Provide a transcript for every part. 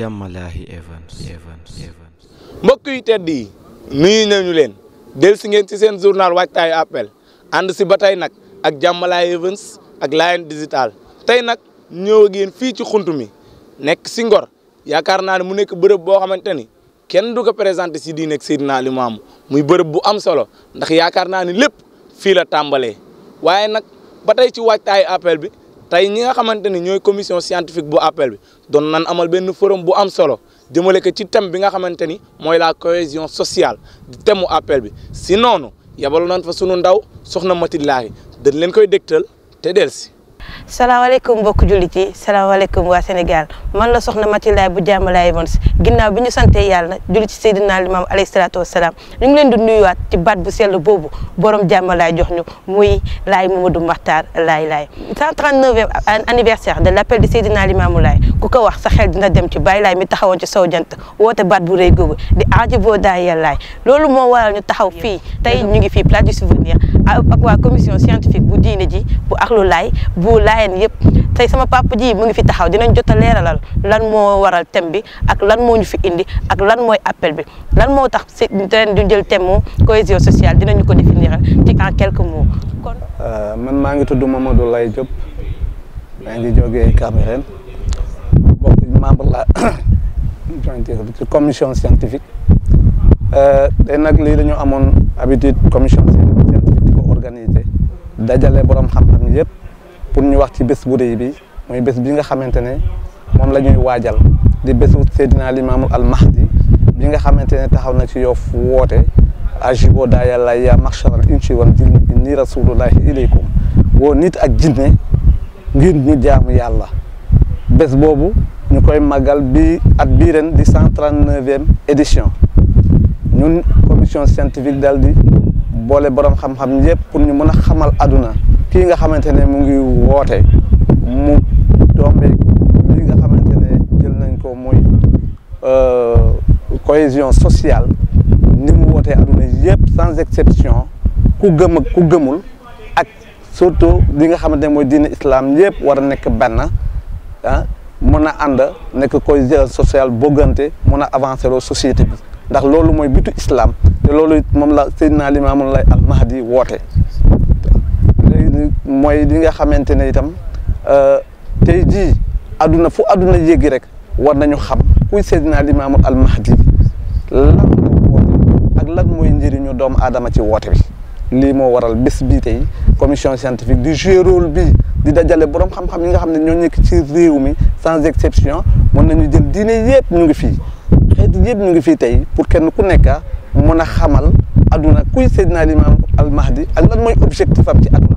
Diamalahi Evans Evans Evans. mbokk yu tedd nuyu nañu leen del si ngeen ci seen journal waajtaayu appel ànd si ba tey nag ak Diamalahi Evans ak Layen Digital tey nag ñëw ak fii ci xunt mi nekk si Ngor yaakaar naa ne mu nekk bërëb boo xamante ni kenn du ko présenté si di nekk Seydina Limaamu muy bërëb bu am solo ndax yaakaar naa ni lépp fii la tàmbalee waaye nag ba tey ci waajtaayu appel bi. tey ñi nga xamante ni ñooy commission scientifique bu appel bi doon nan amal benn forum bu am solo jëmale ko ci thème bi nga xamante ni mooy la cohésion sociale di thème mu appel bi si noonu yabal fa sunu ndaw soxna Matilaahi dañ leen koy dégtal te delsi salaamaaleykum mbokk jullit yi salaamaaleykum waa Sénégal man la soxna Mati Laay bu jàmmalaay mons ginnaaw bi ñu santee yàlla julli ci Seydina Limaam alayhi salaatu wasalaam ñu ngi leen di nuyuwaat ci baat bu sell boobu borom jàmmalaay jox ñu muy Laay Mamadou Makhtar Laay Laay 139e anniversaire de l'appel de Seydina Limaamu Laay ku ko wax sa xel na dem ci Baay Laay mi taxawoon ci sow jant woote baat bu rëy googu di aaji boo daayel laay loolu moo waral ñu taxaw fii tey ñu ngi fii place du souvenir ak waa commission bu diine ji bu axlu laay laayeen yëpp tey sama papa ji mu ngi fi taxaw dinañ jot a leeralal lan moo waral thème bi ak lan moo ñu fi indi ak lan mooy appel bi lan moo tax si ren du jël thème mu cohésion sociale dinañu ko définir ci en quelques mots. kon euh, man maa ngi tudd Mamadou Lay Diop maa ngi jógee Cameroun bokk membre la ci commission scientifique de euh, nag lii dañu amoon habitude commission scientifique di dajale borom xam-xam yëpp. pour ñu wax ci bés bu rëy bi moy bés bi nga xamantene mom moom la ñuy waajal di bésu Seydina al-mahdi bi nga xamantene taxaw na ci Yoff woote ajibo da yàlla yaa maxcharal insi wal jinni ni rasulullah ilaykum wo nit ak jinne ngir ñu jaamu yalla bés bobu ñukoy magal bi at bii ren di 139e neuvième édition ñun commission scientifique daal di boole borom xam-xam ñepp pour ñu mëna xamal aduna kii nga xamante ne mu ngi woote mu tombe lii nga xamante ne jël nañ ko mooy euh, cohésion sociale ni mu wootee aduna yëpp sans exception ku gëm ak ku gëmul ak surtout li nga xamante mooy diine islam yëpp war a nekk benn ah mën a ànd nekk cohésion sociale bëggante mun a avancer loo société bi ndax loolu mooy bitu islam te loolu it moom la Seydina Limaamu lay al Mahdi woote mooy li nga xamante ne itam euh, tay jii àdduna fu aduna yéegi rek war nañu xam kuy Seydina Limaamu al Mahdi lan la woote ak lan mooy njëriñu doom adama ci woote bi lii moo waral bés bii tay commission scientifique du jouer rôle bii di dajale borom xam-xam yi nga xam ne ñoo nekk ci réew mi sans exception mën nañu jël diine yëpp ñu ngi fii xeeti yëpp ñu ngi fii tey pour kenn ku nekk mën a xamal aduna kuy Seydina Limaamu al Mahdi ak lan mooy objectif am ci aduna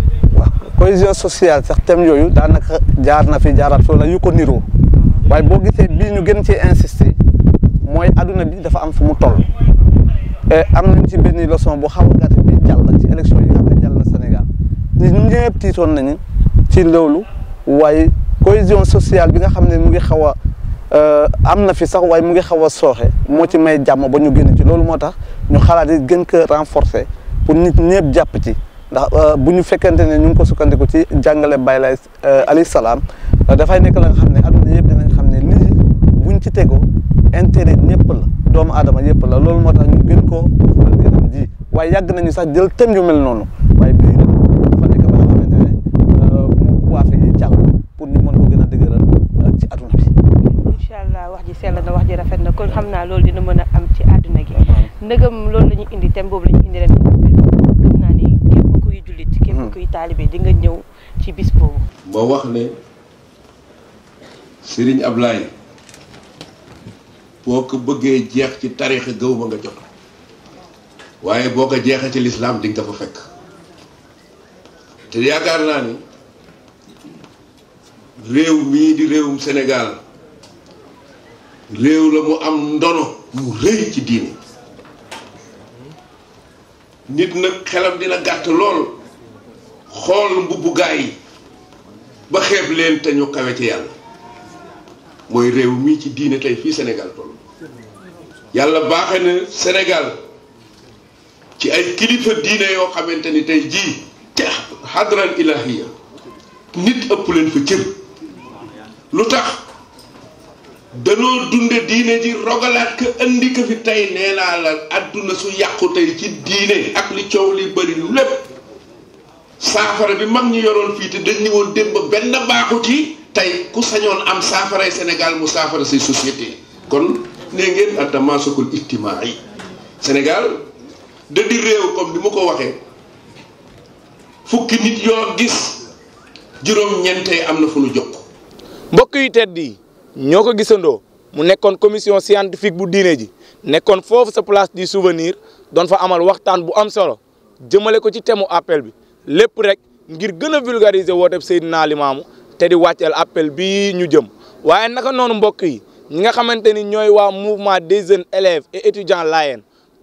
cohésion sociale sax thème yooyu daanaka jaar na fi jaarat foofu la yu ko niro way bo gisee bi ñu gën ci insister moy aduna bi dafa am fu mu toll euh am nañ ci benn leçon bu xaw a bi jàll ci élection yi nga xamne jàll na Sénégal ñu ñëpp tiitoon nañ ci loolu way cohésion sociale bi nga xamne mu ngi xawa euh am na fi sax way mu ngi xawa soxé mo ci may jàmm ba ñu gën ci loolu motax ñu xalaat gën ko renforcer pour nit ñëpp jàpp ci ndax euh, bu ñu fekkente ne ñu ngi ko sukkandiku ci jàngale Baye euh, alayhi salaam euh, dafay nekk la nga xam ne adduna yëpp dinañ xam ne lii buñ ci tegoo intérêt ñëpp la doomu aadama yëpp la loolu moo tax ñu gën koo waaye yàgg nañu sax jël tem yu mel noonu waaye bii dafa nekk ba nga pour ñu mën ko gën a dëgëral ci adduna bi. incha allah wax ji sell na wax ji rafet na kon xam naa loolu dina mën a am ci adduna gi ndegam loolu la ñu indi thème boobu la ñu indi ren. yi talibé di nga ñew ci bis boobu ba wax né serigne ablaye boko bëggé bëggee jeex ci tarikh gëw ma nga jox waaye boko ko ci l'islam di nga fa fekk té yaakar na ni réew mi di réewum sénégal réew la mu am ndono mu rëy ci diiné nit nak xelam dina gatt lool xool mbubbu gaay yi ba xeeb leen te ñu kawe ci yàlla mooy réew mii ci diine tey fii senegal toll yàlla baaxe na Sénégal ci ay kilifa diine yoo xamante ni tey jii ca xadral ilahiya nit ëpp leen fa cër lu tax danoo dunde diine ji rogalaat ko andi ko fi tey nee naa la àdduna su yàqu tey ci diine ak li coow li bari lépp Safari bi mag ñu yoroon fii te dañ ñu woon démb benn baaxut tey ku sañoon am safari Senegal mu saafara say société kon ne ngeen masukul ijtimaai Senegal, da di réew comme ni mu ko waxee fukki nit yoo gis juróom ñentey am na fu nu jokk mbokk yi tedd yi ñoo ko gisandoo mu nekkoon commission scientifique bu diine ji nekkoon foofu sa place du souvenir doon fa amal waxtaan bu am solo jëmale ko ci temu appel bi lépp rek ngir gën a vulgariser wooteeb Seydina Limaamu te di wàcceel appel bii ñu jëm waaye naka noonu mbokk yi ñi nga xamante ni ñooy waa mouvement des jeunes élèves et étudiants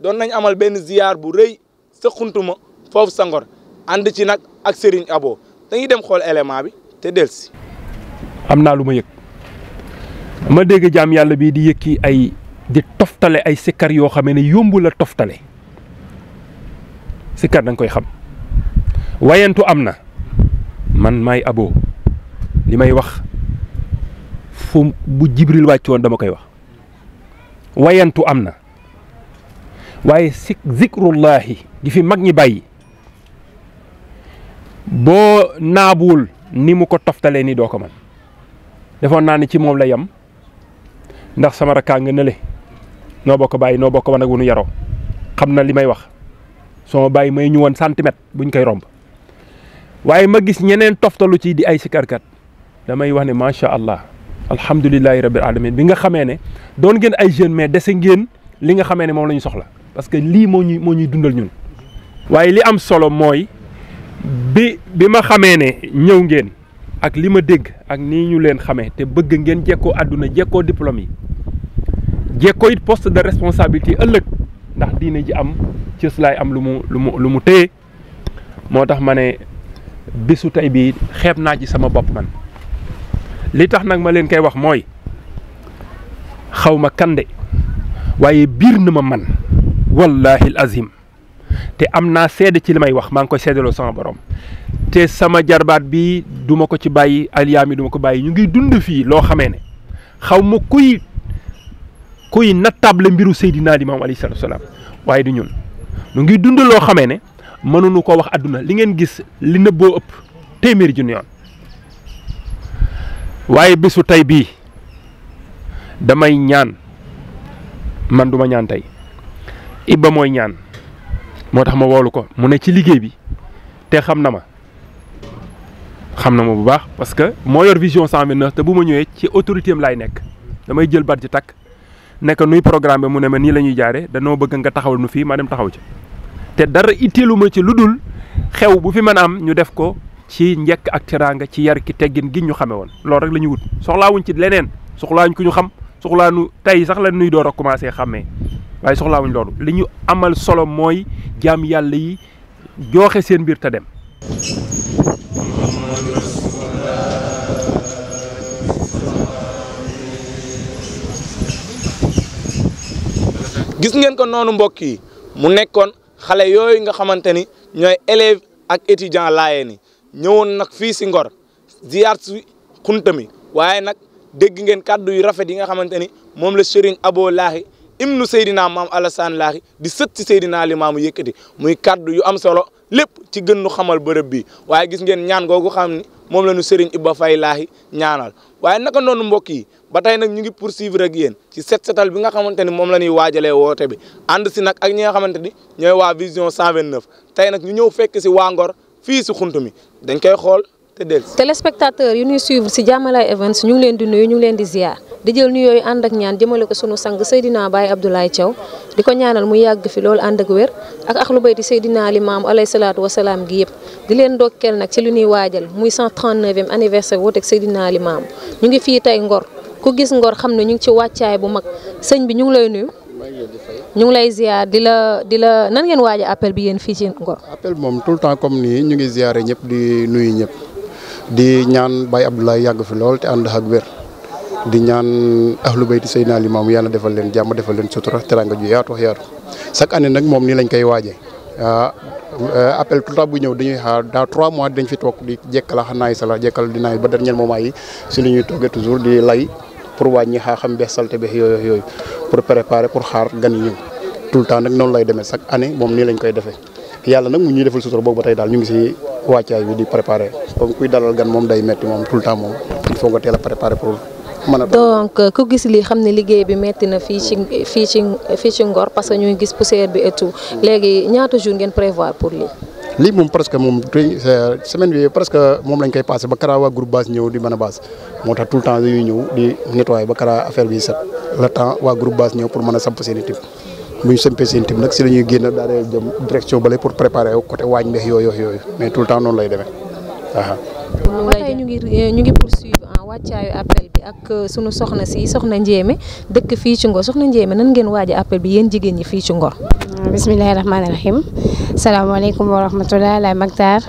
doon nañu amal benn ziar bu rëy sa xuntuma foofu sa ngor ànd ci nag ak Serigne Abo dañuy dem xool élément bi te delsi am naa lu ma yëg ma dégg jaam yàlla bii di yëkki ay di toftale ay sikkar yoo xam ne yomb toftale sikkar da koy xam. wayantu am na man maay abo li may wax fu bu jibril wàcc woon dama koy wax wayantu am na waaye si zikrullahi gi fi mag ñi bàyyi boo naabuwul ni mu ko toftalee ni doo ko man defoon naa ni ci moom la yem ndax sama rakkaa nga nële noo bokk bàyyi noo bokk man ak wunu yaroo xam na li may wax soo bàyyi may ñu woon centimètre buñ koy romb waye ma gis ñeneen toftalu ci di ay sikarkat damay wax ne allah alhamdulilahi rabbil alamin bi nga xamé ne doon ngeen ay jeune mais dese ngeen li nga xamé ne mom lañu soxla parce que li mo ñuy mo ñuy dundal ñun waye li am solo moy bi bi ma xamee ne ñew ngeen ak li ma dégg ak ni ñu leen xamé te bëgg ngeen jekkoo aduna jekkoo diplôme yi it poste de responsabilité ëlëk ndax diiné ji am cëslaay am lu mu lu mu lu mu motax mané bisu tey bii xeeb naa ci sama bopp man li tax nag ma leen koy wax mooy xaw ma kande waaye biir na ma man wallahi azim te am naa sedd ci li may wax maa ngi koy seedaloo sama boroom te sama jarbaat bi duma ko ci bàyyi aliyaam yi duma ko bàyyi ñu ngi dund fii loo xamee ne xaw ma kuy kuy nattable mbiru Seydina naa alayhi salaatu wa salaam waaye du ñun ñu ngi dund loo xamee ne mënuñu ko wax àdduna li ngeen gis li nëbboo ëpp téeméeri junni waaye bisu tey bii damay ñaan man duma ñaan tey Ibba mooy ñaan moo tax ma woolu ko mu ne ci liggéey bi te xam na ma xam na ma bu baax parce que moo yor vision 129 te bu ma ñëwee ci autorité am laay nekk damay jël bat ji takk nekk nuy programme mu ne ma nii la ñuy jaare danoo bëgg nga taxawal nu fii maa dem taxaw ci te dara itteeluma ci lu dul xew bu fi mën a am ñu def ko ci njekk ak teraanga ci yar ki teggin gi ñu xame woon loolu rek la ñu wut soxlaawuñ ci leneen soxlaawuñ ku ñu xam soxlaanu tey sax la nuy door a commencé xàmmee waaye soxlaawuñ loolu li ñu amal solo mooy jaam yàlla yi jooxe seen mbir te dem gis ngeen ko noonu mbokk yi mu nekkoon xale yooyu nga xamante ni ñooy élèves ak étudiants laayeen yi ñëwoon nag fii si Ngor ziar si xunta mi waaye nag dégg ngeen kàddu yu rafet yi nga xamante ni moom la Serigne Abo Lahi imnu Seydina maam Alassane Lahi di sët si Seydina Limaamu yëkkati muy kàddu yu am solo lépp ci gën nu xamal bërëb bi waaye gis ngeen ñaan googu xam ni moom la ñu Serigne Ibba Faye Lahi ñaanal waaye naka noonu mbokk yi ba tey nag ñu ngi poursuivre ak yéen ci set setal bi nga xamante ni moom la ñuy waajalee woote bi ànd si nag ak ñi nga xamante ni ñooy waa vision 129 tey nag ñu ñëw fekk si waa Ngor fii si xunt koy xool te del si téléspectateurs yu ñuy suivre si ñu ngi leen di nuyu ñu ngi leen di ziar di jël nu yooyu ànd ak ñaan jëmale ko sunu sang Seydina Baye Abdoulaye Thiaw di ko ñaanal mu yàgg fi loolu ànd ak wér ak lu axlu bayti Seydina Limaam alayhi salaatu wasalaam gi yëpp di leen dokkeel nag ci li ñuy waajal muy 139e anniversaire wooteeg Seydina Limaam ñu ngi fii tey Ngor ku gis Ngor xam ne ñu ngi ci wàccaay bu mag señ bi ñu ngi lay nuyu. ñu ngi lay ziar di la di la nan ngeen waaja appel bi yéen fii ci Ngor. appel moom tout le temps comme nii ñu ngi ziare ñëpp di nuyu ñëpp di ñaan Baye Abdoulaye yàgg fi lool te ànd ak wér di ñaan ahlu bayti Seydina Limaamu yàlla defal leen jàmm defal leen sutura teranga ju yaatu wax yaatu chaque année nag moom nii lañ koy waajee. Ah, appel tout bu ñëw dañuy xaar dans trois mois dañ fi toog di jekkal xanaa yi sa la jekkal dinaay ba dernier moment yi si li ñuy toogee di lay. pour wàññi xaa xam beex salte beex yooyu yooyu pour préparer pour xaar gan yi ñëw temps noonu lay demee chaque année moom nii lañ koy defee yàlla nag mu ñuy defal sutura boobu ba tey daal ñu ngi si wàccaay bi di préparer comme kuy dalal gan moom day metti moom tout temps moom il a préparer pour mën a donc euh, ku gis lii xam ne liggéey bi metti na fii ci Ngor parce ñuy gis poussière bi et mm. léegi ñaata jour ngeen prévoir pour lii lii moom presque moom tey semaine bi presque moom lañ koy passé ba Kara waa groupe base ñëw di mën a base moo tax tout le temps dañuy ñëw di nettoyer ba Kara affaire bi set le temps waa groupe base ñëw pour mën a samp seen i tib bu ñu sampee seen si la ñuy génn daal di jëm direction bale pour préparer côté waañ beex yooyu yooyu mais tout le temps noonu lay demee waaw. tey ñu ngi ñu ngi poursuivre en wàccaayu appel bi ak euh, sunu soxna si soxna Ndiémé dëkk fii ci Ngor soxna n ngeen waaj appel bi yéen jigéen ñi fii ci bisimilahi rahmaani rahim salaamaaleykum wa rahmatulah Laye Mactar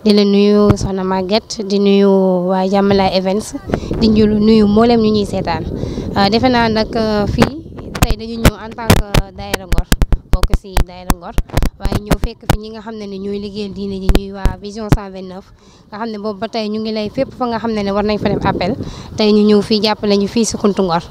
di la nuyu soxna Maguette di nuyu waa Diamalaye Events di nuyu mboolem ñu ñuy seetaan ah, defe naa nag ah, fii tey dañu ñëw en tant que daayira Ngor bokk si daayira Ngor waaye ñoo fekk fi ñi nga xam ne ne ñooy liggéeyal diine ji ñuy waa vision 129 nga xam ne boobu ba tey ñu ngi lay fépp fa nga xam ne ne war nañ fa dem appel tey ñu ñëw fii jàppale ñu fii si kuntu Ngor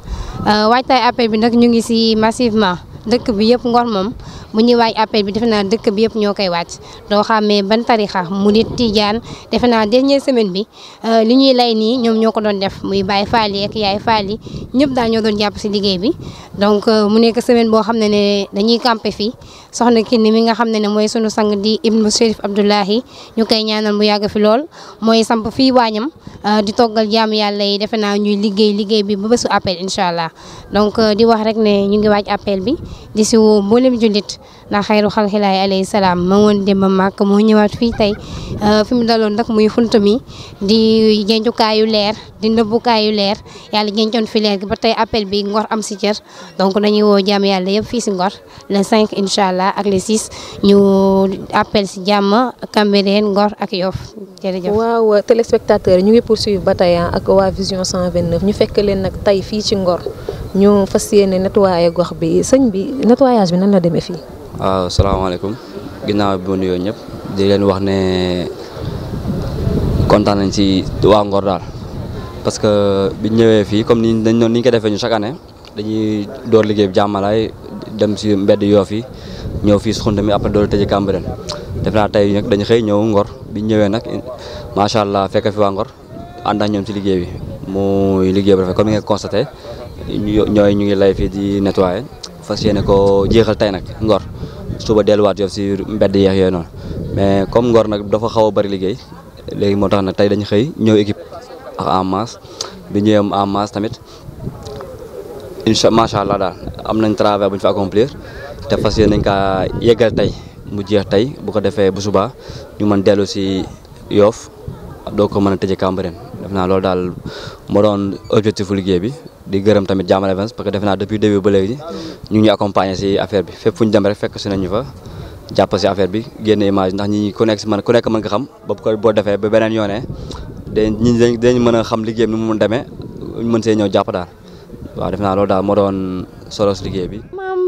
ah, waaj tay appel bi nag ñu ngi si massivement dëkk bi yëpp ngor moom bu ñuy waaj appel bi defe naa dëkk bi yëpp ñoo koy wàcc doo xàmmee ban mu murit tiijaan defe naa dernière semaine bi euh, li ñuy lay nii ñoom ñoo ko doon def muy Baay Faal yi ak Yaay yi ñëpp daal ñoo doon jàpp si liggéey bi donc euh, mu nekk semaine boo xam ne ne dañuy campé fii soxna Kine mi nga xam ne ne mooy sunu sang di Ibnu Chérif Abdoulahi ñu koy ñaanal mu yàgg fi lool mooy samp fii waañam euh, di toggal jaamu yàlla yi defe naa ñuy liggéey liggéey bi ba bésu appel incha allah donc di wax rek ne ñu ngi waaj appel bi di si woo mboolem jullit ndax xayru xalxilaay alayhi salaam ma woon démb màkk moo ñëwaat fii tey uh, fi mu daloon nag muy xunt mi di jencukaayu leer di nëbbukaayu leer yàlla jencoon fi leer gi ba tey appel bi ngor am si cër donc nañuy woo jàmm yàlla yëpp fii si ngor le 5 incha allah ak le 6 ñu appel si jàmm Cambérène ngor ak Yoff jërëjëf. waaw téléspectateur ñu ngi poursuivre ba tey ah, ak waa vision 129 ñu fekk leen nag tey fii ci ngor ñu fas yéene nettoyé gox bi sëñ bi nettoyage bi nan la demee fii. waaw salaamaaleykum ginaaw bi ma nuyoo ñëpp di leen wax ne kontaan nañ ci waa Ngor daal parce que biñ ñëwee fii comme ni dañ noonu ni ñu ko defee ñu chaque dañuy door liggéey bi jàmmalaay dem si mbedd Yoff yi ñëw fii Soxna mi après door tëjee Cambérène def naa tey nag dañu xëy ñëw Ngor biñ ñëwee nag macha allah fekk fi waa Ngor ànd ak ñoom ci liggéey bi muy liggéey bu rafet comme ni nga constaté ñooy ñu ngi lay fii di nettoyer fas yéene ko jeexal tey nag Ngor. suba delluwaat yof si mbedd yeex yooyu noonu mais comme Ngor nag dafa xaw a bëri liggéey léegi moo tax nag tey dañu xëy ñëw équipe en masse bi ñëwee am en masse tamit incha macha allah daal am nañ travail bu ñu fa accomplir te fas nañ kaa yeggal tey mu jeex tey bu ko defee bu suba ñu mën dellu si yoof doo ko mën a tëjee Cambérène def naa loolu daal moo doon objectifu liggéey bi di gërëm tamit Jahman Events parce que defe naa depuis début ba léegi ñu ngi accompagner si affaire bi fépp fu dem rek fekk si nañu fa jàpp si affaire bi génn image ndax ñi ku nekk si man ku nekk mën nga xam ba ko boo defee ba beneen yoonee dañ ñi dañ mën a xam liggéey ni mu demee ñu mën see ñëw jàpp daal waaw defe naa loolu daal moo doon solos liggéey bi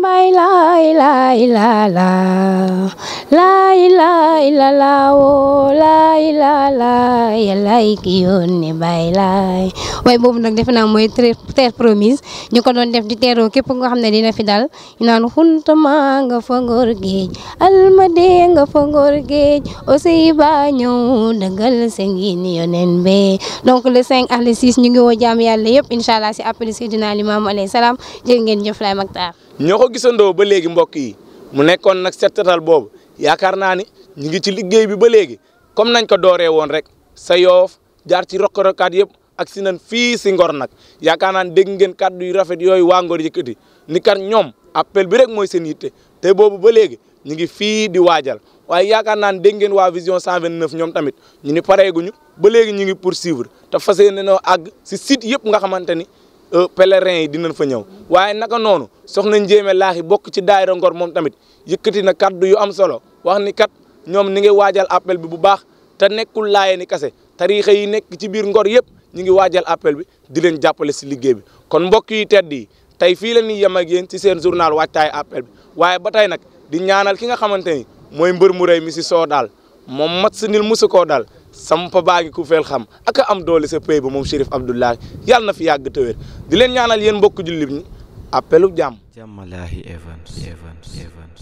mbay laay laay laa laa laay laay la laawoo laay laa laa yàllaay ki yoon ni mbay laay waaye boobu nag defe naa mooy terre promise ñu ko doon def di teeroo képp nga xam ne dina fi dal ñu naan xuntama nga fa ngor géej almade nga fa ngor géej aussi ba ñëw dëggal sa ngin yonen be donc le 5 ak le 6 ñu ngi woo jaam yàlla yëpp incha allah si appel Seydina Limaamu alayhi salaam jërë ngeen jëf laay Mactar ñoo ko gisandoo ba léegi mbokk yi mu nekkoon nag set boobu yaakaar naa ni ñu ngi ci liggéey bi ba léegi comme nañ ko dooree woon rek sa yoof jaar ci rokk-rokkaat yëpp ak si nan fii si ngor nag yaakaar naa ne dégg ngeen kàddu yu rafet yooyu waa ngor yëkkati ni kat ñoom appel bi rek mooy seen yitte te boobu ba léegi ñu ngi fii di waajal waaye yaakaar naa ne dégg ngeen waa vision 129 ñoom tamit ñu ni pareeguñu ba léegi ñu ngi poursuivre fa fas ne noo àgg si site yëpp nga xamante ni Euh, pèlerin yi dinañ fa ñëw waaye naka noonu soxna Ndiémé Lahi bokk ci daayira Ngor moom tamit yëkkati na kaddu yu am solo wax ni kat ñoom ni ngi waajal appel bi bu baax te nekkul laaye ni kase tariixa yi nekk ci biir Ngor yëpp ñu ngi waajal appel bi di leen jàppale si liggéey bi kon mbokk yi tedd yi tey fii la ñuy yem ak yéen ci seen journal wàccaay appel bi waaye ba tey nag di ñaanal ki nga xamante ni mooy mbër mu rëy mi si soo daal moom mat si nil daal sampa baa ngi ku feel xam ak a am doole sa pay ba moom Chérif Abdoulaye yàlla na fi yàgg tëwéer di leen ñaanal yéen mbokk jullit ñi appelu jàmm. Diamalahi Evans Evans Evans.